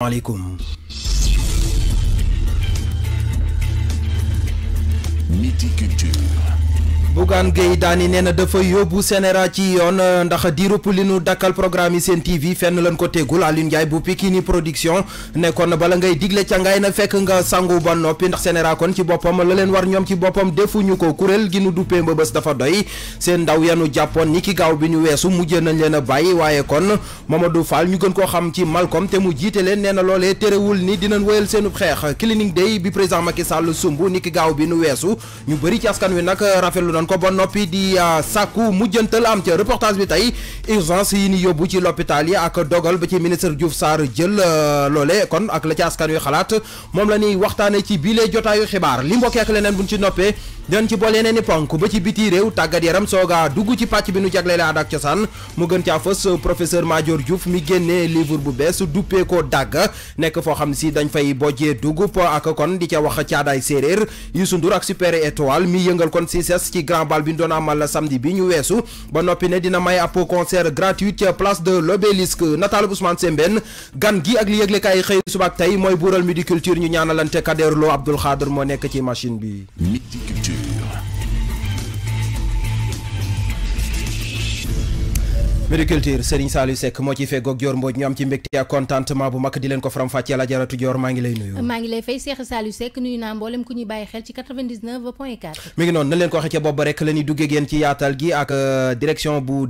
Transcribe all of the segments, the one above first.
Allez, les comons Mythiculture Bougane Gueye Dany nee na dafa yóbbu sénéra ci yoon euh, ndax diirub li nu dakkal programme yi seen TV fenn lan ko tegul Alioune Ndiaye bu Pikini production nekkoon bala ngay digle ca ngay na fekk nga sangu ba noppi ndax sénéra kon ci boppam la leen war ñoom ci boppam defuñu ko kuréel gi nu duppee mbëbës dafa doy seen ndaw yanu jàppoon ni ki gaaw bi ñu weesu mujj nañ leen a bàyyi waaye kon du Fall ñu gën koo xam ci Malcom te mu jiite leen nee na loolee terewul ni dinañ wéyal seenub xeex cleaning day bi président Macky Sall sumb ni ki gaaw bi nu weesu ñu bëri ci askan wi nag rafetlu don ko bon nopi di ah, sàkku mujjantal am ci reportage bi tay urgence yi ni yóbbu ci l'hôpital yi ak dogal ba ci ministre Diouf Sar jël ah, lolé kon ak la ci askan yu xalaat mom la ni waxtane ci biile jotaayu xibar li mbokk ak lenen buñ ci nopé dinañ ci bolé yeneen i ponk ba ci biti rew tagat yaram soga dugg ci patch bi nu la aada ci san mu gën ci fës professeur major Diouf mi génné livre bu bess duppee ko dag nek fo xam si dañ fay bojjee po ak kon di ci wax aday séeréer Youssou Ndour ak super étoile mi yëngal kon si ses ci grand bal bi ñu doon samedi bi ñu wessu ba nopi ne dina may ab concert gratuit place de l'obélisque Nathalie Ousmane semben gan gi ak li yëglekaay xëy suba ak tay moy midi culture ñu ñaanalante Kader Lo Khader ci machine bi. Médiculture Serigne Saliou Seck moo ciy feggoog Dior ngi naa mboolem ku ñuy noonu na gi ak euh, direction bu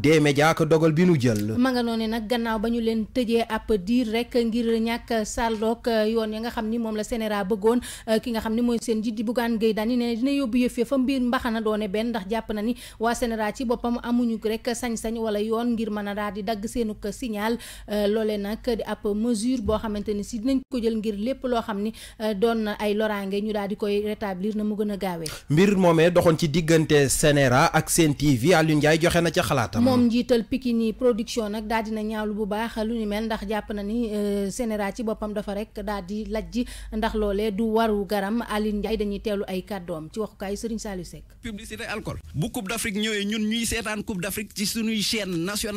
nag gannaaw ba ñu leen tëjee ab diir rek ngir ñàkk sàlloog euh, yoon ya nga xam ni moom la sénéra bëggoon euh, ki nga xam ni mooy seen ji di Bougane Gueye Dany ne dina yóbbu yëf ya fa mbir mbaxana doone benn ndax jàpp na ni waa sénéra ci boppam amuñu rek sañ-sañ wala yoon ngir ngir mën a daal di dagg seenu ko signal euh, loolee nag di ab mesure boo xamante ni si dinañ ko jël ngir lépp loo xam ni euh, doon na ay loraange ñu daal di koy rétablir na mu gën a gaawee. mbir moomee doxoon ci diggante Sénéra ak Sen TV Aliou Ndiaye joxe na ca xalaatam. moom njiital Pikini production nag daal dina ñaawlu bu baax lu ni mel ndax jàpp na ni euh, Sénéra ci boppam dafa rek daal di lajj ndax loolee du waru garam Aliou Ndiaye dañuy teelu ay kàddoom ci waxukaay Serigne Saliou Seck. publicité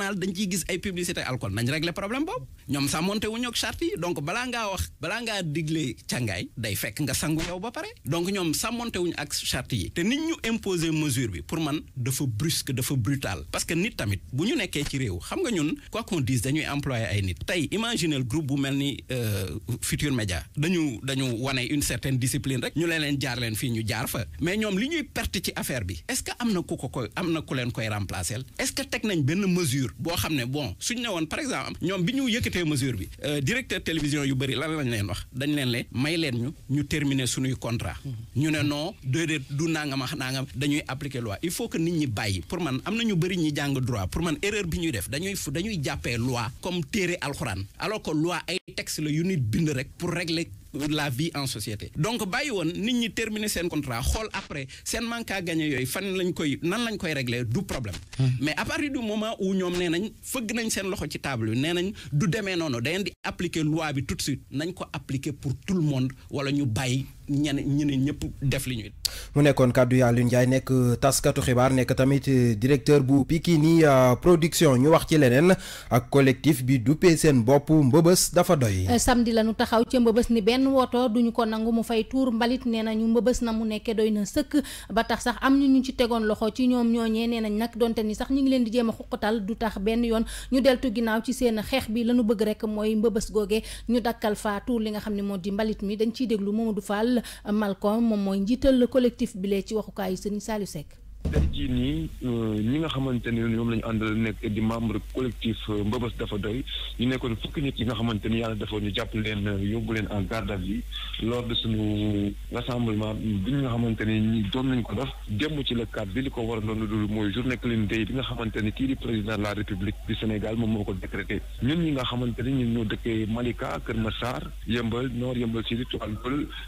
journal dañ ciy gis ay publicité alcool nañ régler problème boobu ñoom sàmmonte wuñu ak charte yi donc balaa ngaa wax balaa ngaa digle ngaay day fekk nga sangu yow ba pare donc ñoom sàmmonte wuñu ak charte yi te nit ñu imposer mesure bi pour man dafa brusque dafa brutal parce que nit tamit bu ñu nekkee ci réew xam nga ñun quoi qu'on dise dañuy employé ay nit tey imaginel groupe bu mel ni euh, Futur Média dañu dañu wane une certaine discipline rek ñu leen leen jaar leen fii ñu jaar fa mais ñoom li ñuy perte ci affaire bi est-ce que am na ku ko koy am na ku leen koy remplacer est-ce que teg nañ benn mesure boo xam bon suñ ne par exemple ñom biñu ñu mesure bi euh, directeur télévision yu bari lan lañ leen wax dañ leen lé may leen ñu ñu terminer suñu contrat mm-hmm. ñu né non déedéet du nangam ak nangam dañuy appliquer loi il faut que nit ñi bayyi pour man amna ñu bari ñi jang droit pour man erreur bi ñuy def dañuy dañuy jappé loi comme téré alcorane alors que loi ay texte la yu nit bind rek pour régler la vie en société donc bàyyi ni ni terminer seen contrat Hol après sen manque à gagner yooyu fan lañ koy nan lañ koy régler du problème hmm. mais à partir du moment où nous nee feug fëgg nañ seen loxo ci table bi du demee nono, dañ di appliquer loi bi tout de suite nañ ko appliquer pour tout le monde wala ñu bàyyi ñene ñeneen ñëpp def li ñuy mu nekkoon kàddu yaa Lune Ndiaye nekk taskatu xibaar nekk tamit euh, directeur bu Pikini euh, production ñu wax ci leneen ak collectif bi duppee seen bopp mbëbës dafa doy. Euh, samedi la ñu taxaw ca mbëbës ni benn woto duñu ko nangu mu fay tuur mbalit nee nañu mbëbës na mu nekkee doy na sëkk ba tax sax am ñu ñu ci tegoon loxo ci ñoom ñooñee nee nañ nag donte ni sax ñu ngi leen di jéem a xuqatal du tax benn yoon ñu deltu ginnaaw ci seen xeex bi la ñu bëgg rek mooy mbëbës googee ñu dakkal fa tuur li nga xam ne moo di mbalit mi dañ ciy déglu Mamadou Fall Malcom moom mooy njiital collectif bi lee ci waxukaayu Serigne saali Seck tey jii nii euh, ñi nga xamante ne ñoom la ñu àndal nekk di membre collectif euh, Mbëbës dafa doy ñu nekkoon fukki nit yi nga xamante ni yàlla defoon ñu jàpp leen euh, leen en garde à vue lors de suñu rassemblement bi nga xamante ne ñi doon nañ ko def démb ci la cadre bi li ko war a doon dul mooy journée clean day bi nga xamante ni kii di président de la république du Sénégal moom moo ko décrété ñun ñi nga xamante ni ñun ñoo dëkkee Malika Kër Massar Yëmbal Nord Yëmbal Sud Joal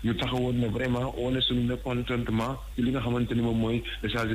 ñu taxawoon ne vraiment on est suñu mécontentement ci li nga xamante ni moom mooy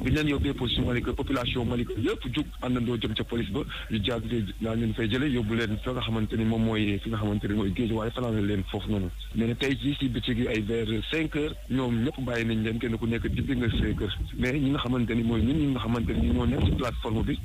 bi ñu leen yóbbee position Malika population Malika yëpp jug àndandoo jëm ca police ba ñu jaag naa leen fay jële yóbbu leen fi nga moom mooy fi nga xamante ni mooy géej waaye fanaan leen foofu noonu mais ne tey jii si bëccëg gi ay vers ñoom ñëpp bàyyi nañ leen kenn ku nekk jibbi nga cinq heures mais ñi nga xamante ni mooy ñun ñi nga xamante ni ñoo nekk ci plateforme bi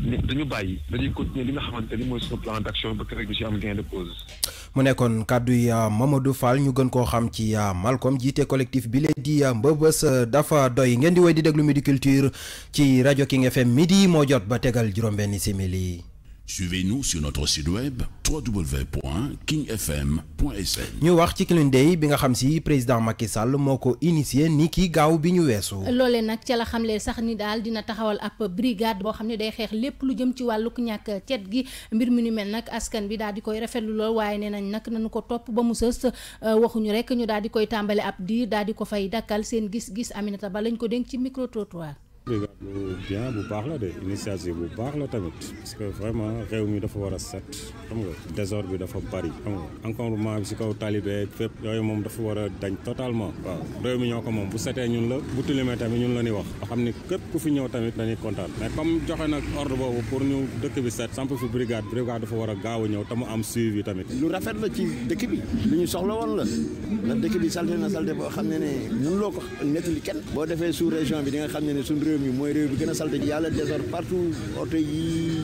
ne ñu bàyyi dañuy continuer li nga xamante ni mooy suñu plan d'action ba keroog ñu si am gain de cause mu nekkoon kàddu yi euh, Mamadou fal ñu gën koo xam ci euh, Malcom jiite collectif bi lee di euh, mbëbës dafa doy ngeen di woy di déglu di Culture ci rajo King FM di moo jot ba tegal juróom-benni simili. Suivez-nous sur notre site web www.kingfm.sn. ñu wax ci clean bi nga xam si président Macky Sall moko initié Niki ki gaaw bi ñu weesu. loolee la xamle sax ni dal dina taxawal ab brigade bo xam day xeex lépp lu jëm ci walu ñak gi mbir mi ñu mel nak askan bi dal di koy rafetlu lool waaye nee nañ nañu ko top ba mu euh, waxu ñu rek ñu dal di koy tambalé ab di dal di ko fay dakal seen gis-gis Aminata Ba lañ ko ci micro trottoir lu euh, bien bu baax la de initiative bu baax tamit parce que vraiment réew dafa wara set xam nga désordre bi dafa bari xam nga encombrement bi si kaw talibé fep yooyu mom dafa wara dañ totalement waaw doy mi ñoko mom bu sété ñun la bu tilimee tamit ñun la ni wax nga xam ni képp ku fi ñëw tamit dañuy kontaan mais comme joxé nak ordre bobu pour ñu dëkk bi set samp fi brigade brigade dafa wara a gaaw a ñëw am suivi tamit lu rafet la ci dëkk bi lu ñu soxla won la ndax dëkk bi salté na salte bo xam né ne mënuloo ko nettali kenn bo défé sous région bi di nga xam ne ne réew mi mooy réew bi gën a salte ji yàlla désordre partout oto yi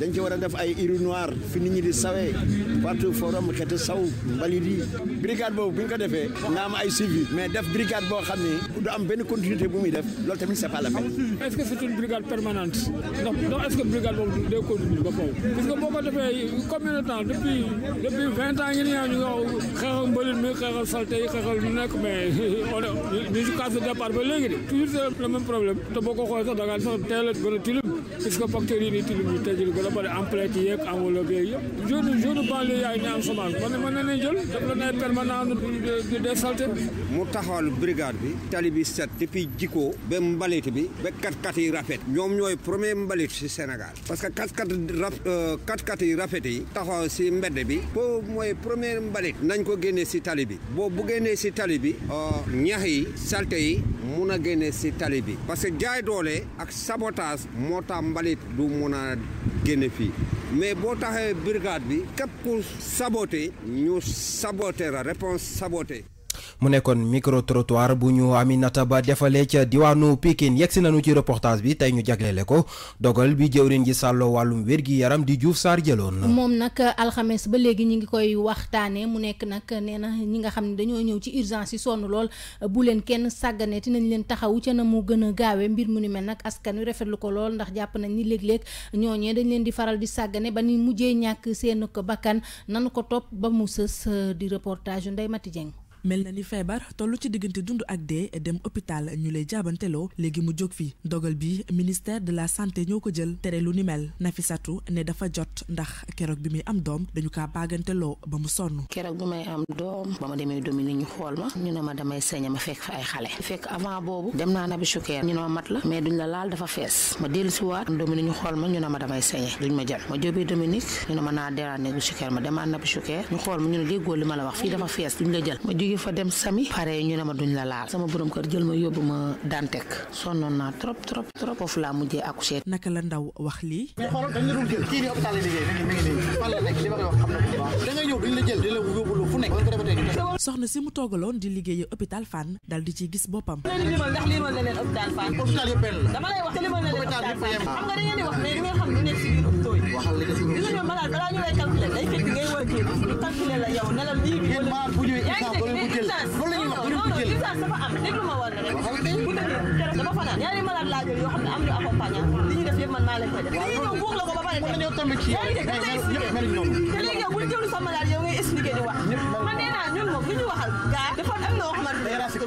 dañ ci war a def ay urine noire fi nit di sawee partout forum xeeti saw mbalit brigade boobu bu ñu ko defee nga am ay suivi mais def brigade boo xam ne du benn continuité bu def loolu tamit c'est pas la que c'est brigade permanente donc est que brigade boobu day continuer ba kaw parce que boo ko defee combien depuis vingt ans ngeen ñëw ñu ngi xeexal ba léegi de toujours même problème te boo ko a gën a tilim a bëri mu taxawal brigade bi tali bi depuis jikoo ba mbalit bi ba kat-kat rafet ñoom ñooy premier mbalit si Sénégal parce que kat-kat euh, rafet yi taxaw si mbedd bi po mooy premier mbalit nañ ko génnee si tali bi boo si tali bi euh, ñax yi mun a génnee si tali bi parce que jaay doole ak sabotage moo tax mbalit du mun a génne fii mais boo taxee brigade bi képp ku saboté ñu saboté la réponse saboté mu nekkoon micro trottoir bu ñu Aminata Ba defalee ca diwaanu Pikine yegsi nañu ci reportage bi tey ñu jagleele ko dogal bi jëwriñ ji sàlloo wàllum wér gi yaram di Diouf Sarr jëloon. moom nag alxames ba léegi ñu ngi koy waxtaanee mu nekk nag nee na ñi nga xam ne dañoo ñëw ci urgence yi sonn lool bu leen kenn sàggane dinañ leen taxawu ca na mu gën a gaawee mbir mu ni mel nag askan wi rafetlu ko lool ndax jàpp nañ ni léeg-léeg ñooñee dañ leen di faral di sàggane ba ni mujjee ñàkk seen ko bakkan nanu ko topp ba mu sës di reportage yu Mati Dieng mel na ni feebar toll ci diggante dund ak dee dem hôpital ñu lay jaabanteloo léegi mu jóg fi dogal bi ministère de la santé ñoo ko jël tere lu ni mel Nafisatu ne dafa jot ndax keroog bi muy am doom dañu kaa baaganteloo ba mu sonn. keroog bi may am doom ba ma demee domini ñu xool ma ñu ne ma damay sañ ma xale fekk avant boobu dem naa nabi mat la mais duñ la laal dafa fees ma dellu si waat dominique ñu xool ma ñu ne xool ma ñu ne déggoo li ma la wax fii dafa fees duñ la jël ma jógee di fa dem sami pare ñu ne ma duñ la laal sama borom kër jël ma yobbu ma dantek sonon na trop trop trop of lamu mujjé accoucher nak la ndaw wax dañ la dul jël ni hôpital ngi la li ma wax na da nga di la soxna si mu di liggéey hôpital fan dal di ci gis boppam leen ndax leen fan hôpital bel. dama lay wax fan xam nga da ngeen di wax di nga xam licence loolu bu jël loolu la ñuy wax loolu bu jël licence dafa am déglu ma woon rek bu dëgg keroog dafa fanaan ñaari malade laa jël yoo xam ne am ñu accompagnant li ñu def yëpp man maa leen koy def dañuy ñëw buux la ko ba pare mën nañoo tombé ci ñëpp mel noonu te léegi yow bu ñu jëlu sa malade yow ngay expliqué di wax man nee naa ñun moom lu ñu waxal gaa dafa loolu la wax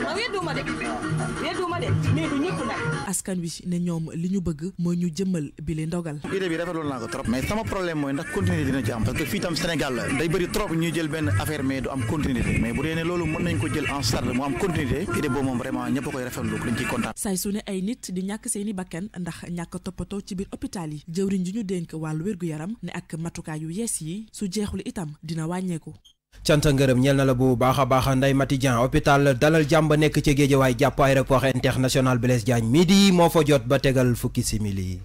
man ma askan wi ne ñoom li ñu bëgg mooy ñu jëmmal bi le ndogal idée bi rafetlu naa ko trop mais sama problème mooy ndax continuité dina ci am fii tam Sénégal la day bëri trop ñuy jël benn affaire mais du am continuité mais bu dee ne loolu mën nañ ko jël en charge mu am continuité idée boobu moom vraiment ñëpp koy rafetlu dañ ciy kontaan saay su ne ay nit di ñàkk seeni bakkan ndax ñàkk toppatoo ci biir hôpital yi jëwriñ ji ñu dénk wàllu wérgu yaram ne ak matukaay yu yees yi su jeexul itam dina wàññeeku cant ngërëm ñeel na la bu baax a baax Ndeye Mati Dieng hôpital Dalal Jàmm nekk ci Géejawaay jàpp aéroport international Blaise Diagne midi moo fa jot ba tegal fukki simili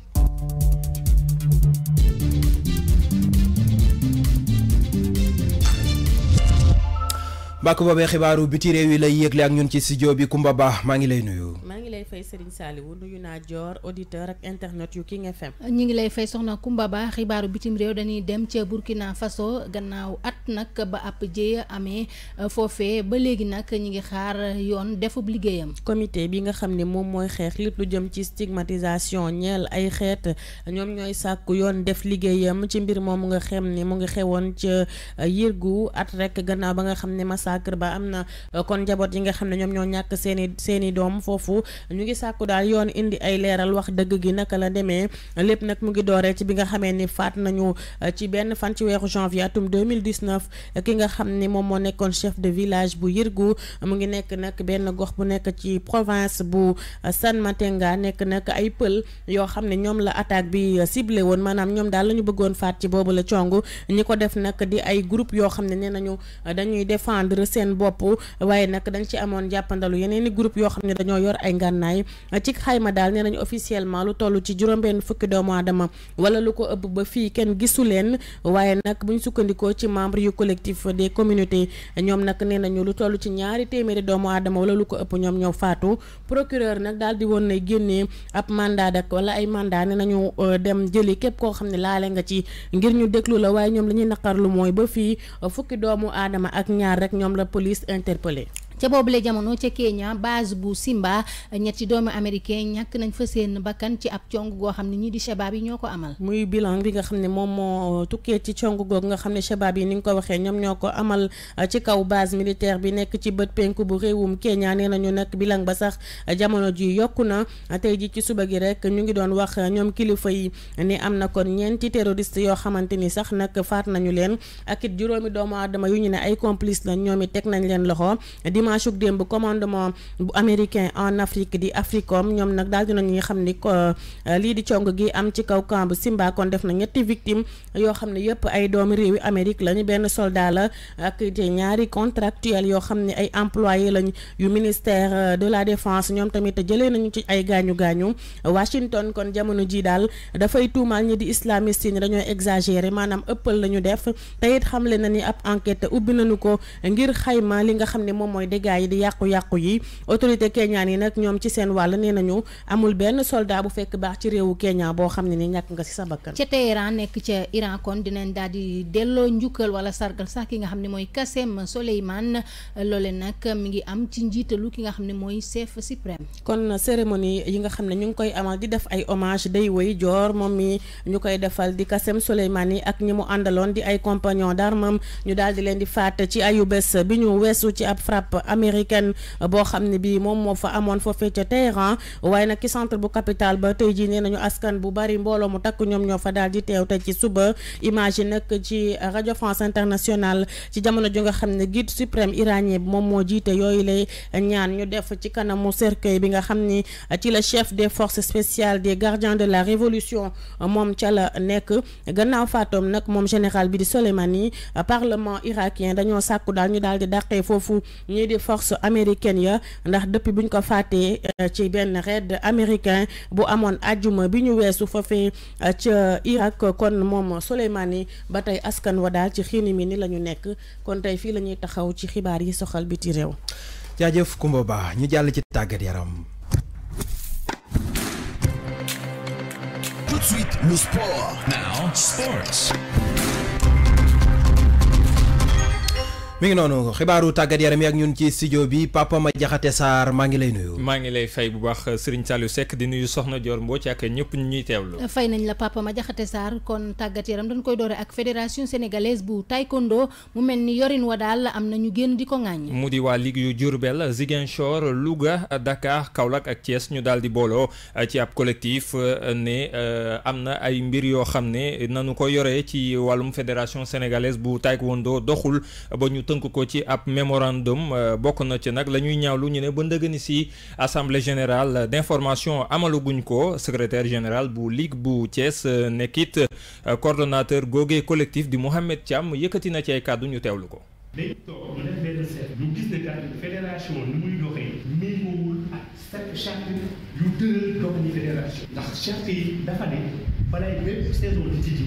mbàkk boobee xibaaru biti réew yi lay yëgle ak ñun ci studio bi Kumba Ba maa ngi lay nuyu. maa ngi lay fay Serigne Saliou nuyu naa Dior auditeur ak internet yu King FM. ñu ngi lay fay soxna Kumba Ba xibaaru bitim réew dañuy dem ca Burkina Faso gannaaw at nag ba ab jéeya amee euh, foofe ba léegi nag ñi ngi xaar yoon defub liggéeyam. comité bi nga xam ne moom mooy xeex lépp lu jëm ci stigmatisation ñeel ay xeet ñoom ñooy sàkku yoon def liggéeyam ci mbir moom mu nga xam ne mu ngi xewoon ca euh, yërgu at rek gannaaw ba nga xam ne massa Moussa Kër na euh, kon njaboot yi nga ne ñoom ñoo ñàkk seen i doom foofu ñu ngi sàkku daal yoon indi ay leeral wax dëgg gi naka la demee lépp nag mu ngi dooree ci bi nga xamee ni faat nañu euh, ci benn fan ci weeru janvier atum 2019 ki nga xam ni moom moo nekkoon chef de village bu Yirgu mu ngi nekk nag benn gox bu nekk ci province bu euh, San Matenga nekk nag ay pël yoo xam ne ñoom la attaque bi ciblé woon maanaam ñoom daal la ñu bëggoon faat ci boobu la cong ñi ko def nag di ay groupe yoo xam ne nee nañu dañuy défendre seen bopp waaye nag dañ ci amoon jàppandalu yeneen i groupe yoo xam ne dañoo yor ay ngànnaay ci xayma daal nee nañu officiellement lu toll ci juróom-benn fukki doomu aadama wala lu ko ëpp ba fii kenn gisu leen waaye nag buñ sukkandikoo ci membre yu collectif des communautés ñoom nag faatu procureur nag daal woon na génnee ab mandat dak wala ay mandat nee nañu euh, dem jëli képp koo xam ne laale nga ci ngir ñu déglu la waaye ñoom li ñuy naqarlu mooy ba fii fukki doomu aadama ak ñaar rek ñoom la police interpellé ca boobu boobule jamono ca Kenya base bu Simba ñetti doomu américain ñàkk nañ fa seen bakkan ci ab cong goo xam ne ñii di shabaab yi ñoo ko amal. muy bilan bi nga xam ne moom moo uh, tukkee ci cong googu nga xam ne shabaab yi ni nga ko waxee ñoom ñoo ko amal uh, ci kaw base militaire bi nekk ci bët penk bu réewum Kenya nee nañu nag bilan ba sax uh, jamono ji yokku na tey ji ci suba gi rek ñu ngi doon wax ñoom kilifa yi ni am na kon ñeenti terroriste yoo xamante ni sax nag faat nañu leen ak juróomi doomu aadama yu ñu ne ay complice la ñoom it teg nañ leen loxo. dimanche ak démb commandement bu américain en Afrique di Africom ñoom nag daal dinañ xam ni euh, lii di cong gi am ci kaw camp bu Simba kon def na ñetti victime yoo xam ne yëpp ay doomi réewi Amérique lañu benn soldat la ak ñaari contractuel yoo xam ne ay employé lañ yu ministère euh, de la défense ñoom tamit jëlee nañu ci ay gaañu gaañu Washington kon jamono ji daal dafay tuumaal ñi di islamiste yi ni dañoo maanaam ëppal la ñu def te xamle na ko dégâts yi di yàqu-yàqu yi autorité keñaan yi nag ñoom ci seen wàll nee nañu amul benn soldat bu fekk baax ci réewu Kenya boo xam ne ni ñàkk nga ci sa bakkan ca Téhéran nekk ca Iran kon dinañ daal di delloo njukkal wala sargal sax ki nga xam ne mooy Qassem Soleimani loole nag mi ngi am ci njiitalu ki nga xam ne mooy chef suprême kon cérémonie yi nga xam ne ñu ngi koy amal di def ay hommage day woy joor moom mi ñu koy defal di Qassem Soleimani ak ñi mu àndaloon di ay compagnon d'armes ñu daal di leen di faat américaine euh, bo xamné bi mom fa amone faut fait terrain waaye nag ci centre bu capitale ba tey jii askan bu bari mbolo mu tak ñom ñoo fa di teew ci suba radio nak ci France internationale ci jamono ju nga xamné guide suprême iranien mom mo jité jiite lay ñaan ñu def ci kanamu cercueil bi nga xam ci le chef des forces spéciales des gardiens de la révolution euh, Mom ca la nek gannaaw fatom nak mom général bi di Soleimani euh, parlement irakien dañoo sàkku dal ñu daal di fofu di force américaine ya ndax depuis buñ ko faatee euh, ci benn raid americain bu amoon àjjuma bi ñu weesu foofee euh, ca Irak kon moom Soleimani ba tey askan wa daal ci xiini mi ni lañu nekk kon tey fii la ñuy taxaw ci xibaar yi soxal biti réew jaajëf Kumba Ba ñu jàll ci tàggat yaram mi ngi noonu xibaaru tàggat yaram yi ak ñun ci studio bi Papa Ma Jaxate Sarr maa ngi lay nuyu. maa ngi lay fay bu baax Serigne Saliou Seck di nuyu Soxna Dior Mbodj ak ñëpp ñu ñuy teewlu. fay nañ la Papa Ma Jaxate Sarr kon tàggat yaram dañ koy doore ak fédération sénégalaise bu taekwondo mu mel ni yorin wa daal am na ñu génn di ko ŋàññ. mu di waa ligue yu Diourbel Ziguinchor Louga Dakar Kaolack ak Thiès ñu daal di booloo ci ab collectif ne euh, am na ay mbir yoo xam ne nanu ko yoree ci wàllum fédération sénégalaise tënk ko ci ab memorandum euh, bokk na ci nag la ñuy ñaawlu ñu ne ba ndëgëni si assemblée générale d'information guñ ko secrétaire général bu ligue bu Thiès euh, nekkit euh, coordonnateur googee collectif di mohamed Thiam yëkkati na ci ay kàddu ñu teewlu ko. dañ toog mu def benn seet ñu gis ne daal fédération ni muy doxee méngoowul ak chaque charte yu tëral dox ñu fédération ndax charte yi dafa ne balay bépp saison di tijji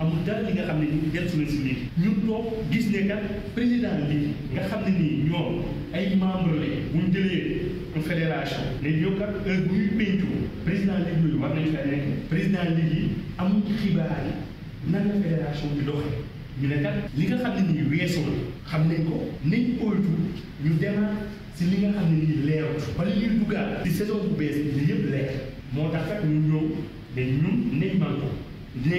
amul dara li nga xam ne nii jël suñu si lii ñu toog gis ne kat président lii nga xam ne ni ñoom ay membre la buñ jëlee fédération léegi yow kat heure bu ñuy péncu président lii yooyu war nañu fay nekk président lii yi amul xibaar yi nan la fédération bi doxee ñu ne kat li nga xam ne nii weesu la xam nañ ko nañ oytu ñu si li nga xam ne nii leerut wala ñuy duggaat si saison bu bees bi yëpp leer moo tax kat ñu ñëw ne ñun ne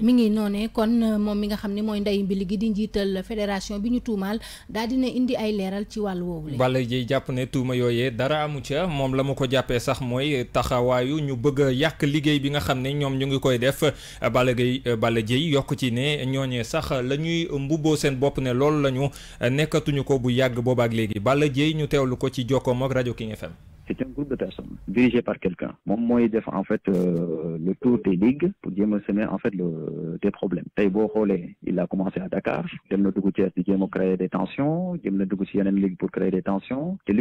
mi ngi noonee kon euh, moom mi nga xam ne mooy ndeyu mbili gi di njiital fédération bi ñu tuumaal daal dina indi ay leeral ci wàllu woowu. Balla Dieye jàpp ne tuuma yooyee dara amu ca moom la mu ko jàppee sax mooy taxawaayu ñu bëgg a yàq liggéey bi nga xam ne ñoom ñu ngi koy def Balla Dieye euh, Balla Dieye yokk ci ne ñooñee sax la ñuy mbubboo seen bopp ne loolu la ñu nekkatuñu ko bu yàgg boobaak léegi Balla Dieye ñu teewlu ko ci jokkoom ak rajo King FM. c'est un groupe de personnes dirigé par quelqu'un Moi, def en fait euh, le tour des ligues pour dire c'est semer en fait le des problèmes il a commencé à Dakar Il a créer des tensions Il a dugg ligue pour créer des tensions que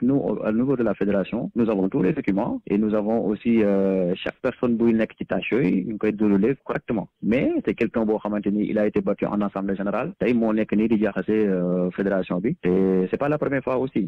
nous au niveau de la fédération nous avons tous les documents et nous avons aussi euh, chaque personne qui une ci tâche une ñu koy dérouler correctement mais c'est quelqu'un qui il a été battu en assemblée générale tey moo nekk nii di euh, fédération bi n'est c'est pas la première fois aussi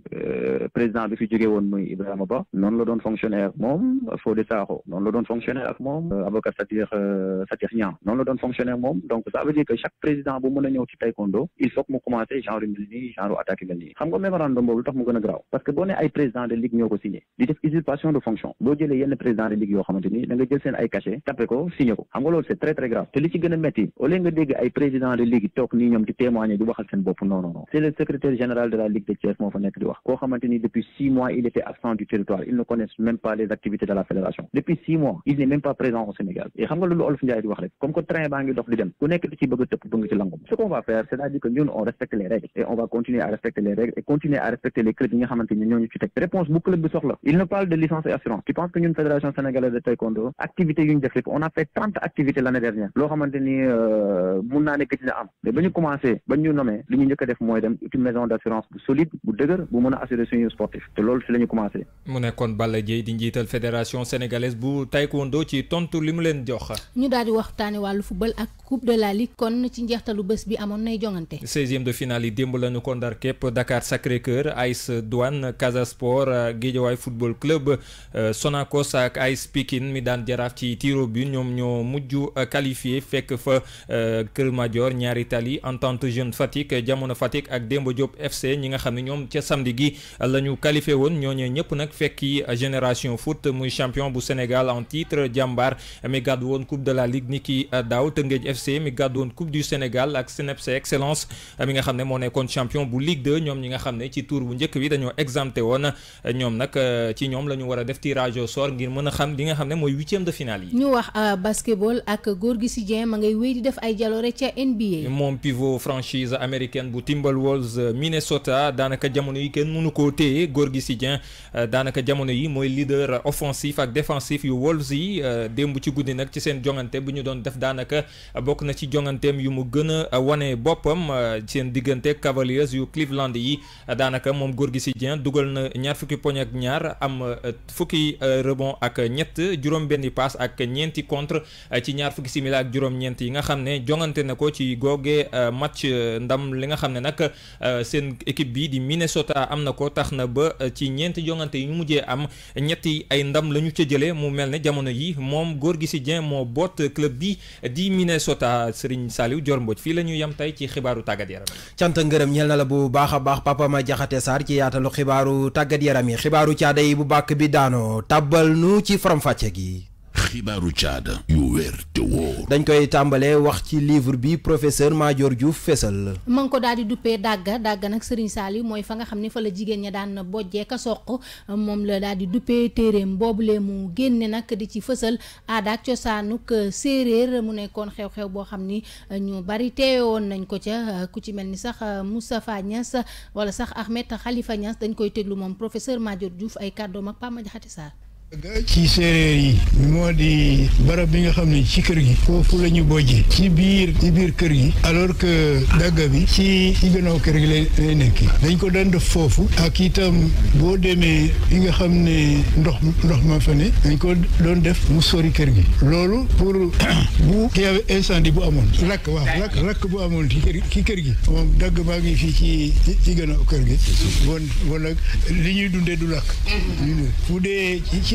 président du futur est muy Ibrahima Ba noonu la doon fonctionnaire ak moom Fodé Sakho non la doon fonctionnaire ak moom avocat Satir euh, Satir Niang non la doon fonctionnaire moom donc ça veut dire que chaque président bu mën a ñëw ci taekwondo il faut que mu commencer genre yu nii genre attaque yu nii xam nga memorandum boobu tax mu gën a garaaw parce que boo ne ay président de ligue ñoo ko signé di def usurpation de fonction boo jëlee yenn président de ligue yoo xamante ni da nga jël seen ay cachet tapé ko signé ko xam nga loolu c'est très très grave te li ci gën a métti au lieu nga dégg ay président de ligue toog nii ñoom di témoigner di waxal seen bopp non non non c'est le secrétaire général de la ligue de Thiès moo fa nekk di wax koo xamante ni depuis six mois il était absent du territoire. Ils ne connaissent même pas les activités de la fédération. Depuis six mois, il n'est même pas présent au Sénégal. Et comme que train Ce qu'on va faire, c'est-à-dire que nous, on respecte les règles et on va continuer à respecter les règles et continuer à respecter les crédits. Réponse bu club bi Il ne parle de licence et assurance. Tu penses que une fédération sénégalaise de taekwondo activité on a fait 30 activités l'année dernière. Nous euh, avons mais commencer, commencé nommer, ñu nommé li une maison d'assurance solide pour assurer les sportifs, te commencé. mu nekkoon Balla Dièye di njiital fédération sénégalaise bu taekwondo ci tontu li mu leen jox. ñu daal di waxtaanee wàllu football ak coupe de la ligue kon ci njeextalu bés bi amoon nay jongante. seizième de finale yi démb lañu ko ndar képp Dakar Sacré Cœur AS Douane Casa Sport Guédiawaye football club euh, Sonacos ak AS Pikine mi daan jaraaf ci tiro bi ñoom ñoo mujj qualifié fekk fa euh, Kër Madior ñaari tali Entente Jeune Fatick jamono Fatick ak Demba Diop FC ñi nga xam ñoo ñëpp nag fekki génération foot muy champion bu Sénégal en titre jambar mi gàddu woon coupe de la ligue ni ki euh, daaw Tëngéej FC mi gàddu woon coupe du Sénégal ak CNEPS excellence euh, mi nga xam ne moo nekkoon champion bu Ligue 2 ñoom ñi nga xam ne ci tour bu njëkk bi dañoo exempté woon euh, ñoom nag ci ñoom la ñu war a def tirage au sort ngir mën a xam li nga xam ne mooy huitième de finale yi. ñu wax basketball ak Gorgui Sy Dieng ma ngay wéy di def ay jaloore ca NBA. moom pivot franchise américaine bu Timberwolves Minnesota daanaka jamono yi kenn mënu koo téye Gorgui Sy Dieng Euh, daanaka jamono yi mooy leader offensif ak défensif yu Wolves yi euh, démb ci guddi nag ci seen jongante bu ñu doon def daanaka bokk na ci jonganteem yu mu gën euh, wane boppam seen diggante Cavaliers yu Cleveland yi daanaka moom gi si Dieng dugal na ñaar fukki poñ ak ñaar am fukki rebond ak ñett juróom-benni passe ak ñeenti contre ci ñaar fukki simila ak juróom-ñeent yi nga xam ne jongante na ko ci googee match ndam li nga xam ne nag seen équipe bi di Minnesota am ci jongante yi ñu mujjee am ñetti ay ndam la ñu ca jëlee mu mel ne jamono yi moom góor gi Sy Dieng moo boot club bi di Minnesota Serigne Saliou Dior Mbodj fii la ñu yem tey ci xibaaru tàggat yaram cant ngërëm ñeel na la bu baax a baax Papa Ma Jaxate Sarr ci yaatalu xibaaru tàggat yaram yi xibaaru caada yi bu bàkk bi daanoo tàbbal nu ci faram-fàcce gi xibaaru caada yu wér te wóor dañ koy tàmbalee wax ci livre bi professeur Madior Diouf fesal ma ngi ko daal di duppee dàgga dàgga nag Serigne saali mooy fa nga xam ni fa la jigéen ña daan bojjee a soq moom la daal di duppee boobu boobulee mu génne nag di ci fësal aada ak cosaanuk séeréer mu nekkoon xew-xew boo xam ni ñu bari woon nañ ko ca ku ci mel ni sax Moustapha Niass wala sax Ahmed xalifa Niass dañ koy teglu moom professeur Madior Diouf ay kàddoom ak Pama Diakhaté Sarr ci séeréer yi moo di barab bi nga xam ne ci kër gi foofu la ñu bojjee ci biir ci biir kër gi alors que dagga bi ci ci kër gi lay lay nekk dañ ko daan def foofu ak itam boo demee yi nga xam ne ndox ndox ma fa ne dañ ko doon def mu sori kër gi loolu pour bu kii avait incendie bu amoon lakk waaw lakk bu amoon ci kër ci kër gi moom dagg baa ngi fii ci ci kër gi bon bon nag li ñuy dundee du lakk bu mm-hmm. dee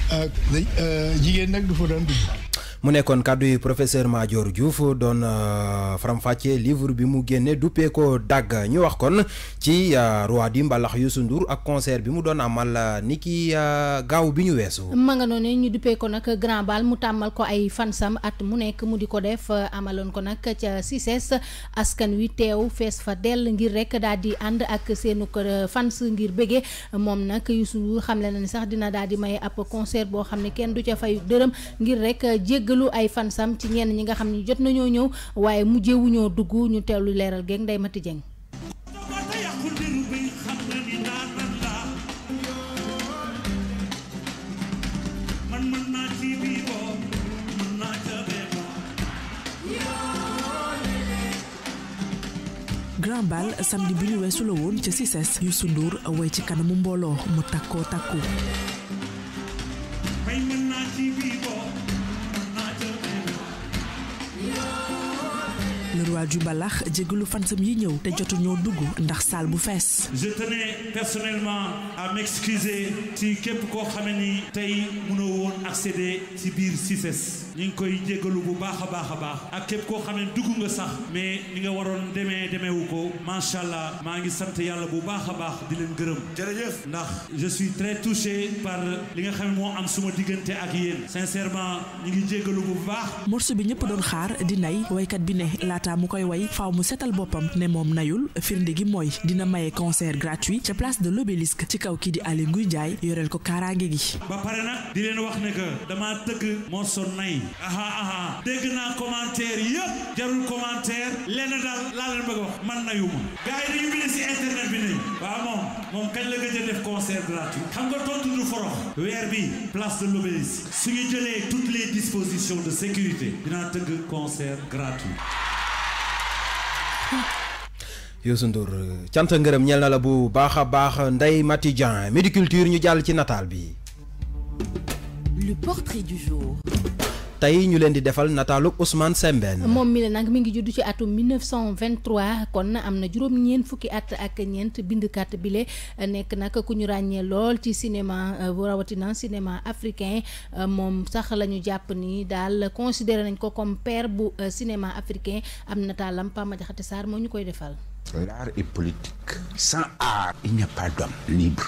Euh, jigéen nag du fa daan dugg. mu nekkoon profesor yi professeur don Diouf doon euh, faram-fàccee livre bi mu génne duppee ko dagg ñu wax kon ci euh, roi di mbalax Youssou Ndour ak concert bi mu doon amal euh, ni ki gaaw bi ñu ma nga ñu ko nag grand bal mu ko ay fansam at mu nekk mu di ko def amalon ko nag ca CICES askan wi teew fees fa dell ngir rek daal di ànd ak seenu fans ngir bëggee moom nag Youssou Ndour na ni sax dina daal di may ab concert bo xam kenn du ca fay dërëm ngir rek jégg jéggalu ay sam ci ñen ñi nga jot nañu ñew waye mu jewu ñoo duggu ñu teewlu leeral geeg nday mati jeng grand bal samedi bi ñu weesu la woon ca sises yu sundur way ci kanamu mbolo mu takko takku le roi du fansam yi ñew te jotu ñoo dugg ndax salle bu fess je tenais personnellement à m'excuser ci képp ko xamé ni tay mëno woon accéder ci bir CICES. ñu ngi koy jégalu bu baaxa baaxa baax ak képp ko xamé ne dugg nga sax mais ni nga waroon démé demeewu ko macha allah maa ngi sant yalla bu baaxa baax di leen gëreum jërëjëf ndax je suis très touché par li nga xamé mo am suma diggante ak yeen sincèrement ñu ngi jégalu bu baax. morceau bi ñëpp doon xaar di nay way kat bi né laata laata koy way faaw mu setal boppam ne moom nayul firnde gi mooy dina maye concert gratuit ca place de l'obélisque ci kaw kii di Aly Ngouille Ndiaye yoreel ko kaaraange gi. ba pare nag di leen wax ne que damaa tëgg morceau nay aha aha dégg naa commentaire yëpp jarul commentaire lenn daal laa leen bëgg wax man nayuma ma gars yi dañu bind si internet bi ne waaw moom moom kañ la gëj a def concert gratuit xam nga tontu du forox weer bi place de l'obélisque su ñu jëlee toutes les dispositions de sécurité dinaa tëgg concert gratuit Youssou Ndour cant ngërëm ñeel na la bu baax a baax Ndeye Mati Dieng Midi Culture ñu jàll ci nataal bi. Le portrait du jour. tey ñu leen di defal nataalu Ousmane Sembène moom mi la nag mi ngi juddu ci atum 1923 kon am na juróom-ñeent fukki at ak ñeent bindkat bile nekk nag ku ñu ràññee lool ci cinéma euh, rawatina cinéma africain euh, moom sax la ñu jàpp ni daal considéré nañ ko comme père bu euh, cinéma africain am nataalam Pama Diakhaté Sarr moo ñu koy defal L'art est politique. sans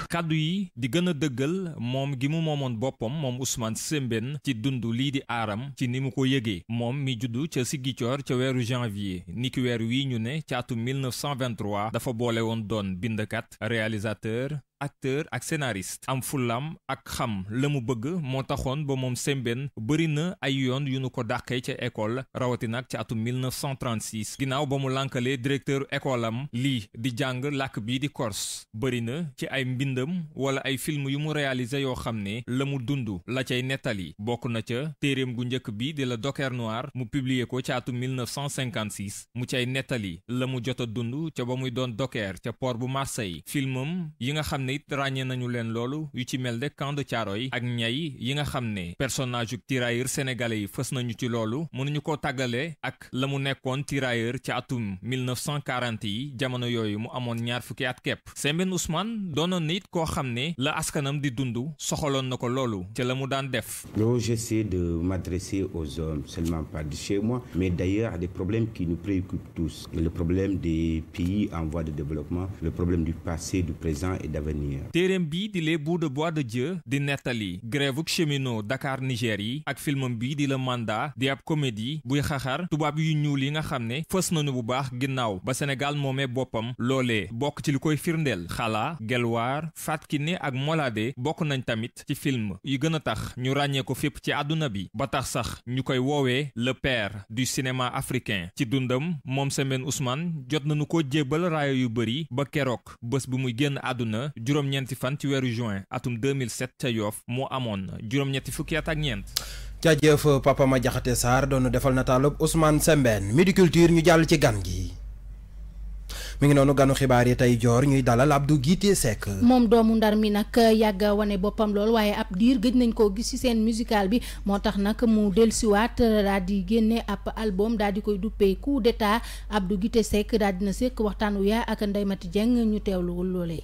kàddu yi di gën a dëggal moom gi mu moomoon boppam moom Ousmane Sembène ci dund lii di aaram ci ni mu ko yëgee moom mi juddu ca Ziguinchor ca weeru janvier ni ki weer wii ñu ne ca atum 1923 dafa boole woon doon bind bindkat réalisateur acteur ak scénariste am fulam ak xam la mu bëgg moo taxoon ba moom Sembène bëri na ay yoon yu nu ko dàqee ca école rawatina ak ci atum 1936 ginnaaw ba mu lànkalee directeur école am lii di jàng làkk bii di kors bëri na ci ay mbindam wala ay film yu mu réalisé yoo xam ne la mu dund la cay nettali bokk na ca téeréem gu njëkk bi di la docker noir mu publier ko ci atum 1956 mu cay nettali la mu jot a dund ca ba muy doon docker ca port bu Marseille filmam yi nga it ràññee nañu leen loolu yu ci mel de camp de tiaroy ak ñay yi nga xam ne personnage yu tirailleur sénégalais yi fës nañu ci loolu mënuñu ko tàggale ak la mu nekkoon tirailleur ci atum 1940 yi jamono yooyu mu amoon ñaar fukki at kepp Sembène Ousmane doonoon na it koo xam ne la askanam di dund soxaloon na ko loolu ca la mu daan def. j'essaie de m'adresser aux hommes seulement pas de chez moi mais d'ailleurs des problèmes qui nous préoccupent tous le problème des pays en voie de développement le problème du passé du présent et d'avenir l'avenir. téereem bii di les bouts bois de Dieu di nettali grèvuk cheminot Dakar Niger yi ak filmam bii di le mandat di ab comédie buy xaxar tubaab yu ñuul yi nga xam ne fës nañu bu baax ginnaaw ba Sénégal moomee boppam loolee bokk ci li koy firndeel xalaa gelwaar Fatkine ak Molade bokk nañ tamit ci film yi gën a tax ñu ràññee ko fépp ci àdduna bi ba tax sax ñu koy woowee le père du cinéma africain ci dundam moom semaine Ousmane jot nañu ko jébbal raayo yu bëri ba keroog bés bi muy génn àdduna juróom-ñeenti fan ci weeru juin atum 2007 ca Yoff moo amoon juróom-ñetti fukki at ak ñeent jaajëf Papa Ma Jaxate Sarr doon defal nataalub Ousmane Sembène Midi Culture ñu jàll ci gan gi mi ngi noonu ganu xibaar yi tey joor ñuy dalal Abdou Guité Seck moom doomu ndar mi nag yàgg wane boppam lool waaye ab diir gëj nañ koo gis ci scène musicale bi moo tax nag mu dellusiwaat daal di génne ab album daal di koy duppee coup d'état Abdou Guité Seck daal dina sekk waxtaan wu yaa ak Ndeye Mati Dieng ñu teewluwul loolee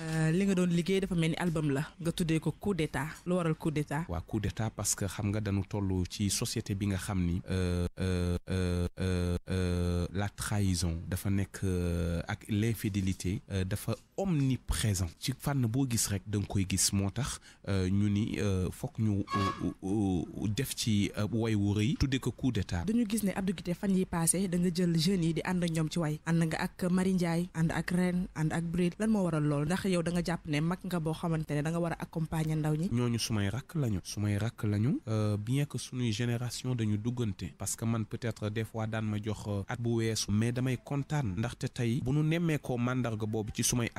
Euh, li nga doon liggéey dafa mel ni album la nga tuddee ko coup d'état lu waral coup d'état waaw coup d'état parce que xam nga dañu toll ci société bi nga xam ni euh, euh, la trahison dafa nekk ak l'infidélité dafa omniprésent ci fànn bo gis rek dang koy gis motax tax euh, ñu ni euh, foog ñu euh, def ci way wu reuy tudde ko coup d'état dañu gis né Abdou Guité fan yi passé da nga jël jeune yi di and ak ñoom ci way and nga ak Marie Ndiaye and ak Ren and ak Bril lan mo waral lool ndax yow da nga japp né mak nga bo xamante ne da nga wara accompagner ndaw ñi ñooñu sumay rak lañu sumay rak lañu bien que suñuy génération dañu dugënté parce que man peut-être des fois daan ma jox at bu wess mais damay ndax té tay bu ñu némé ko mandarga bobu ci sumay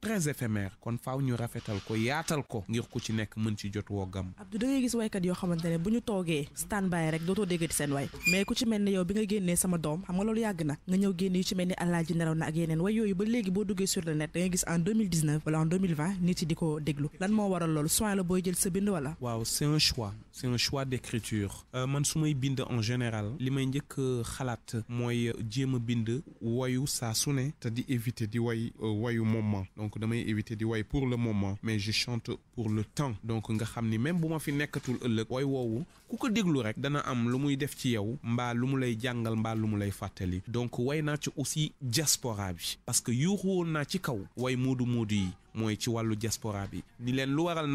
très éphémère kon faaw ñu rafetal ko yaatal ko ngir ku ci nekk mën ci jot gam Abdou da ngay gis waykat yoo xamante ne bu ñu toogee stand by rek dootoo déggati seen way mais ku ci mel ne yow bi nga génnee sama doom xam nga loolu yàgg na nga ñëw génne yu ci mel ne Alaaji neraw na ak yeneen way yooyu ba léegi boo duggee sur le net da ngay gis en 2019 wala en 2020 nit yi di ko déglu lan moo waral loolu soin la booy jël sa bind wala. waaw c'est un choix c'est un choix d'écriture euh, man su may bind en général li may njëkk xalaat mooy jéem a bind wayu saa su ne te di éviter di way euh, wayu moment donc vais éviter de way pour le moment mais je chante pour le temps donc nga même buma fi nekatul euleuk way wowo. ku ko deglu rek dana am lu def ci yow donc way ci aussi diaspora parce que je woon ci kaw way Je moodu yi ci walu diaspora bi ni len lu waral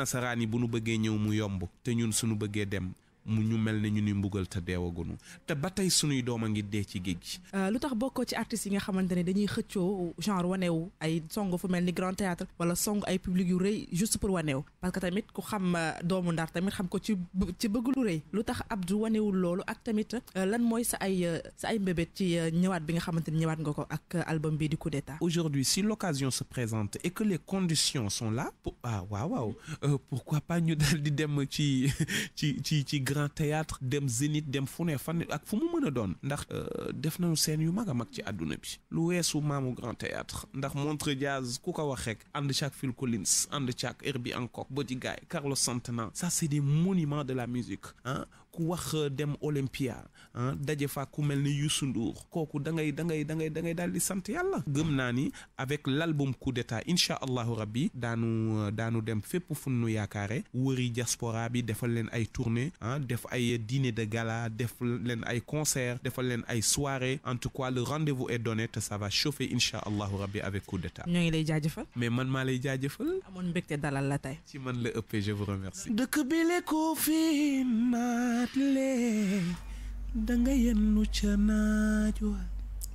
bu nu dem mu ñu mel ñu ni mbugal te deewagunu te ba tey sunuy doom a ngi dee ci géej gi. Euh, lu tax bokkoo ci artistes yi nga xamante ne dañuy xëccoo genre waneewu ay song fu mel ni grand théâtre wala song ay public yu rëy juste pour waneew parce que tamit ku xam euh, doomu ndar tamit xam ko ci ci bëgg lu rëy lu tax Abdou wanewul loolu ak tamit euh, lan mooy sa ay sa ay mbébét ci ñëwaat bi nga xamante ni ñëwaat nga ko ak album bi di coup d'état. aujourd'hui si l'occasion se présente et que les conditions sont là pour ah waaw waaw pourquoi pas ñu dal di dem ci ci ci ci grand théâtre dem Zénith dem fu fan ak fu mu mën a ndax euh, yu mag ci aduna bi grand théâtre ndax Montre Jazz ku ko wax rek Phil Collins and de Herbie Hancock body Guy Carlos Santana ça c'est des monuments de la musique hein wax euh, dem Olympia hein dajé fa ku melni ni Youssou Ndour kooku da ngay da ngay da ngay da ngay daal di sant yàlla gëm naa avec l'album coup d'état incha allahu rabbi daanu euh, daanu dem fépp fu nu yaakaare wëri diaspora bi defal len ay tournée hein def ay dîner de gala def len ay concert defal len ay soirée en tout cas le rendez-vous est donné ça va chauffer incha allahu rabbi avec coup d'état ñoo ngi lay jaajëfal mais man ma lay jaajëfal amone mbégte dalal la tay ci man le ëppee je vous remercie dëkk bi le ko fi xaatle danga yennu ca naaj wa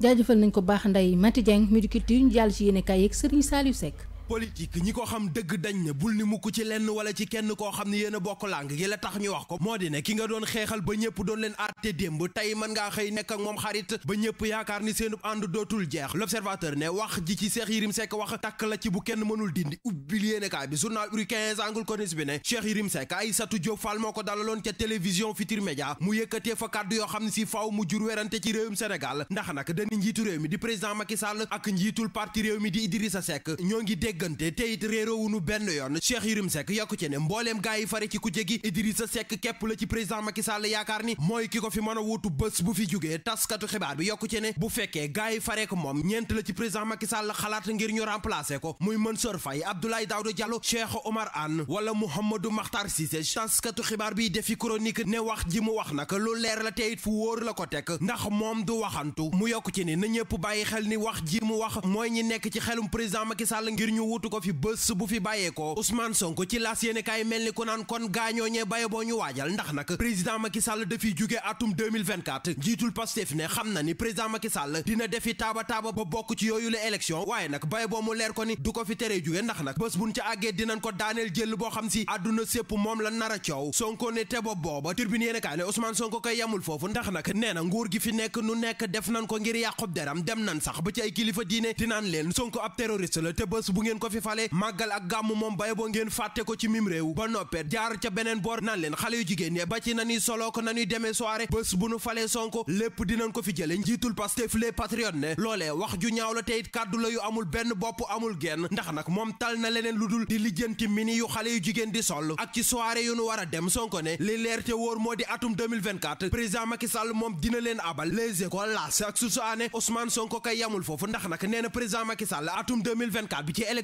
jaajëfal nañ ko baax ndey Mati Dieng mi di culture ñu jàll ci yéen a kaay yeeg Serigne Saliou Seck politique ñi ko xam dëgg dañ ne bul ni mukk ci lenn wala ci kenn koo xam ne yéen a bokk làng gi la tax ñu wax ko moo di ne ki nga doon xeexal ba ñëpp doon leen àtte démb tey mën ngaa xëy nekk ak moom xarit ba ñëpp yaakaar ni seenub ànd dootul jeex l'observateur ne wax ji ci seex Yérim sekk wax takk la ci bu kenn mënul dindi ubbil yéenekaay bi journal uri 15 angle corniche bi ne Cheikh Yérim Seck Aïssatou Diop Fall moo ko dalaloon ca télévision Futurs Médias mu yëkkatee yoo xam ne si faaw mu jur werante ci réewum Sénégal ndax nag dañu njiitu réew mi di président Macky Sall ak njiitul parti réew mi di Idrissa Seck ñoo ngi dégg diggante te it réeroowunu benn yoon Cheikh Yérim Seck yokku ci ne mbooleem gaa yi fare ci ku jégi Idrissa Seck képp la ci président Macky yaakaar ni mooy ki ko fi mën a wuutu bu fi jógee taskatu xibaar bi yokku ci ne bu fekkee gaa yi faree ko moom ñeent la ci président Macky Sall xalaat ngir ñu remplacer ko muy Mansour Faye Abdoulaye Daouda Diallo Cheikh Omar Anne wala Mouhamadou Makhtar Cissé taskatu xibaar bi defi chronique ne wax ji mu wax nag lu leer la teyit fu wóor la ko teg ndax moom du waxantu mu yokk ci ni na ñëpp bàyyi xel ni wax ji mu wax mooy ñi nekk ci xelum président Macky Sall ngir ñu wutu ko fi beus bu fi ko Ousmane Sonko ci las yene kay melni ko nan kon gaño ñe baye bo ñu wajal ndax nak président Macky Sall defi jóge atum 2024 jitul Pastef ne xamna ni président Macky Sall dina defi taba taba ba bok ci yooyu élection waye nak baye bo mu leer ko ni du ko fi téré jóge ndax nak beus buñ ci agge dinañ ko daaneel jël bo xam ci aduna sépp mom la nara ciow Sonko ne te bo booba turbine yene kay ne Ousmane Sonko kay yamul fofu ndax nak neena nguur gi fi nek nu nek def nañ ko ngir yàqub deram dem nañ sax ba ci ay kilifa diine dinan leen Sonko ab terroriste la te beus bu ngeen ko fi fale màggal ak gàmm moom bay boo ngeen fàtte ko ci mim réew ba noppee jaar ca beneen bor nan leen xale yu jigéen ñi ba ci nañuy soloo ko nañuy demee soirée bés bu nu falee Sonko lépp dinañ ko fi jële njiitul Pastef les patriotes ne loolee wax ju ñaaw la teyit kàddu la yu amul benn bopp amul genn ndax nag moom tal na leneen lu dul di lijjanti mini yu xale yu jigéen di sol ak ci soirée yu nu war a dem Sonko ne li leer te wóor moo di atum 2024 président Macky moom dina leen abal les écoles las ak su ndax na président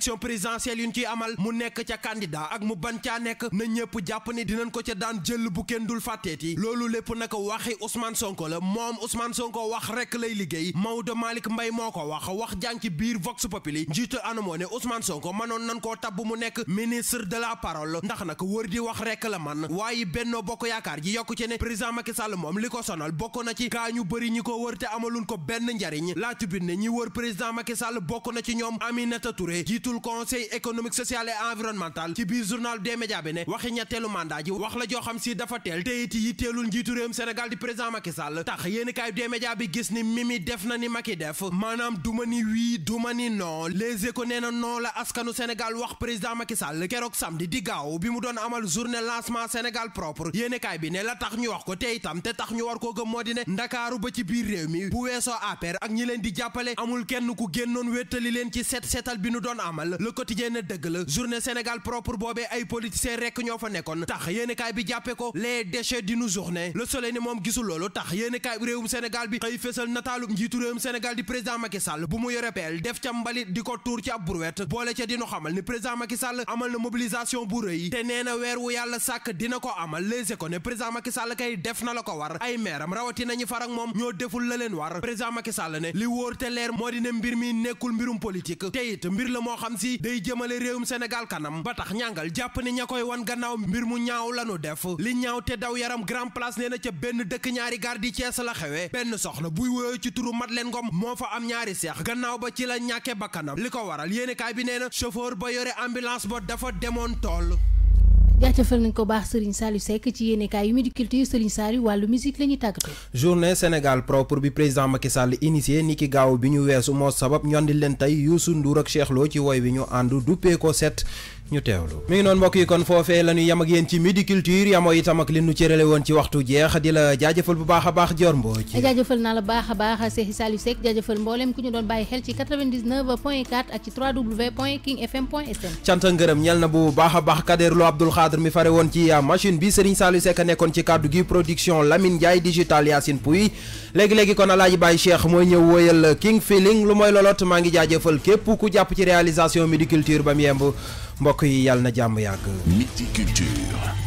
élection présidentielle yu ñu ciy amal mu nekk ca candidat ak mu ban caa nekk na ñëpp jàpp ni dinañ ko ca daan jël bu kenn dul fàtteeti loolu lépp nag waxi Ousmane Sonko la moom Ousmane Sonko wax rek lay liggéey Maodo Malick Mbaye moo ko wax wax jàng ci biir Vox Populi njiitu anamoo ne Ousmane Sonko mënoon nañ koo tabb mu nekk ministre de la parole ndax nag wër di wax rek la man waaye Benno Bokk Yaakaar ji yokk ci ne président Macky Sall moom li ko sonal bokk na ci kaa ñu bëri ñi ko wër te ko benn njariñ laatu bi ne ñi wër président Macky Sall bokk na ci ñoom Aminata Touré jiitu njiitul conseil économique social et environnemental ci biir journal des médias bi ne waxi ñetteelu mandat ji wax la joo xam si dafa teel te it yi teelul njiitu réewum Sénégal di président Macky Sall tax yéen kaayu des médias bi gis ni mimi def na ni Macky def maanaam duma ni wii duma ni non les échos nee na non la askanu Sénégal wax président Macky Sall keroog samedi di gaaw bi mu doon amal journée lancement Sénégal propre yéen kaay bi ne la tax ñu wax ko te itam te tax ñu war koo gëm moo di ne ndakaaru ba ci biir réew mi bu weesoo APR ak ñi leen di jàppale amul kenn ku génnoon wéttali leen ci set setal bi nu doon am amal le quotidien na dëgg la journée Sénégal propre boobee ay politiciens rekk ñoo fa nekkoon tax yéenekaay bi jàppee ko les déchets d'une journée le soleil ni moom gisul loolu tax yéenekaay bi réewum Sénégal bi xëy fesal nataalu njiitu réewum Sénégal di président Macky Sall bu mu yore peel def ca mbalit di ko tuur ci ab brouette boole ca dinu xamal ni président Macky Sall amal na mobilisation bu rëy te nee na weer wu yàlla sàkk dina ko amal Les Échos ne président Macky Sall kay def na la ko war ay meeram rawati far ak moom ñoo deful la leen war président Macky Sall ne li wóor te leer moo di ne mbir mi nekkul mbirum politique te mbir la moo xam si day jëmale réewum senegal kanam ba tax ñàngal jàpp ni ña koy wan gannaaw mbir mu ñaaw lanu def li ñaaw te daw yaram grand place nee na ca benn dëkk ñaari gaar di Cees la xewee benn soxna buy woyoo ci turu mat leen Ngom moo fa am ñaari seex gannaaw ba ci la ñàkke bakkanam li ko waral yéenekaay bi nee na chauffeur ba yore ambulance ba dafa demoon tool jaajëfal nañ ko baax Serigne Saliou Seck ci yéenekaay yu Midi Culture Serigne Saliou wàllu musique la ñuy tàggatoo. journée Sénégal propre bi président Macky Sall initié ni ki gaaw bi ñu weesu moo sabab ñu andil leen tey Youssou Ndour ak Cheikh ci woy bi ñu ànd duppee ko set. ñu teewlu mi ngi noonu mbokk yi kon foofee la ñu yam ak yéen ci midi culture yamoo itam ak li nu cërale woon ci waxtu jeex di la jaajëfal bu baax a baax Dior Mbodj jaajëfal naa la baax a baax Seydou Saliou Seck jaajëfal mboolem ku ñu doon bàyyi xel ci 99 point 4 ak ci 3w point king fm point ñel na bu baax a baax Kader Lo Abdoul Khadr mi fare woon ci ah, machine bi Serigne Saliou Seck nekkoon ci kaddu gi production Lamine Ndiaye digital Yacine Pouy léegi-léegi kon alaaji Baye Cheikh mooy ñëw wóoyal king feeling lu mooy lolot maa ngi jaajëfal képp ku jàpp ci réalisation midi culture ba mu yemb mbokk yi yàlla na jàmm yàgg.